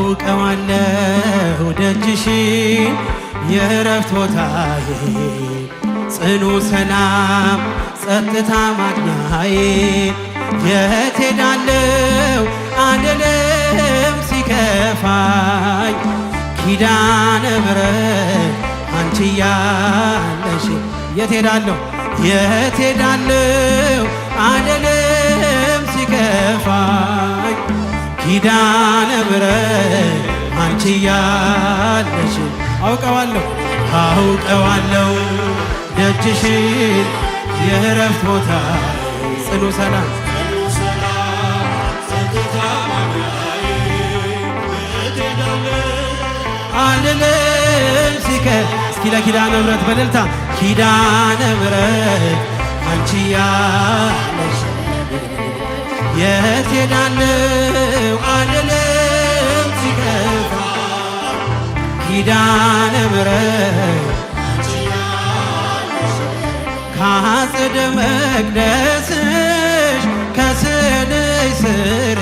አውቀዋለሁ ደጅሽ የእረፍት ቦታዬ ጽኑ ሰላም ጸጥታ ማግኛዬ የት ሄዳለሁ አልልም ሲከፋኝ ኪዳነ ምሕረት አንቺ እያለሽ የት ሄዳለሁ የት ሄዳለሁ አልልም ኪዳነ ምሕረት አንቺ ያለሽ አውቀዋለሁ አውቀዋለሁ ደጅሽን የእረፍት ቦታ ጽኑ ሰላም አልልም ሲቀር እስኪ ለኪዳነ ምሕረት በደልታ ኪዳነ ምሕረት አንቺ ያ የት ሄዳለው አልልም ሲከፋ ኪዳነ ምሕረት ካጸደ መቅደስሽ ከስንሽ ስር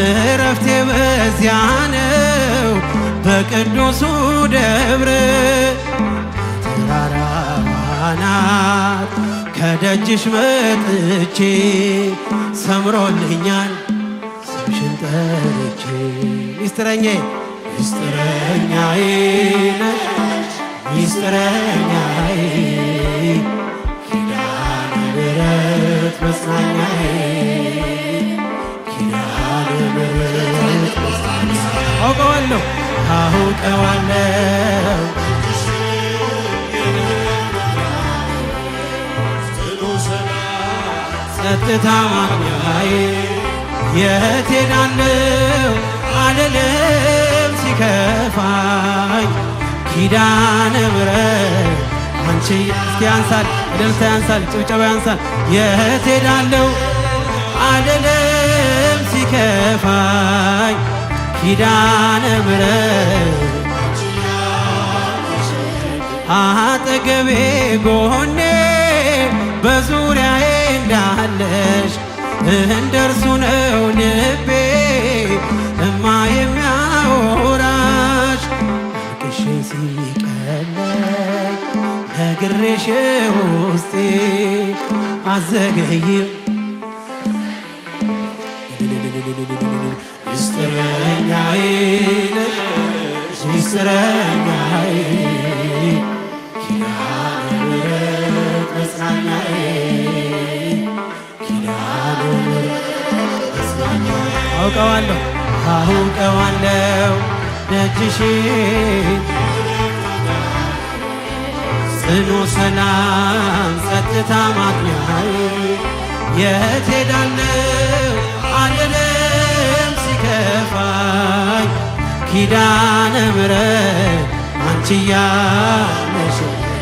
እረፍቴ በዚያ ነው በቅዱሱ ደብር ተራራዋናት ከደጅሽ መጥቼ ሰምሮልኛል ስምሽን ጠርቼ ሚስጥረኛ ሚስጥረኛ ነሽ ሚስጥረኛዬ ኪዳነ ምሕረት ኪዳነ ምሕረት አውቀዋለሁ አውቀዋለሁ ጸጥታ ማግኛዬ የት ሄዳለሁ አልልም ሲከፋኝ ኪዳነ ምሕረት አንቺ እስኪ ያንሳል እልልታ ያንሳል ጭብጨባ ያንሳል የት ሄዳለሁ አልልም ሲከፋኝ ኪዳነ ምሕረት አጠገቤ ጎኔ በዙሪያዬ እንዳለሽ እንደ ነው ልቤ እማ የሚያወራሽ ቅሽ ሲቀለኝ ነግሬሽ ውስጤ አዘገይም አውቀዋለሁ አውቀዋለሁ ደጅሽ ጽኑ ሰላም ጸጥታ ማግኛዬ የት ሄዳለሁ አልልም ሲከፋኝ ኪዳነ ምሕረት አንቺ ያለሽ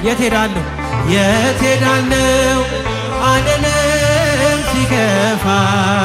የት ሄዳለሁ የት ሄዳለሁ አልልም ሲከፋኝ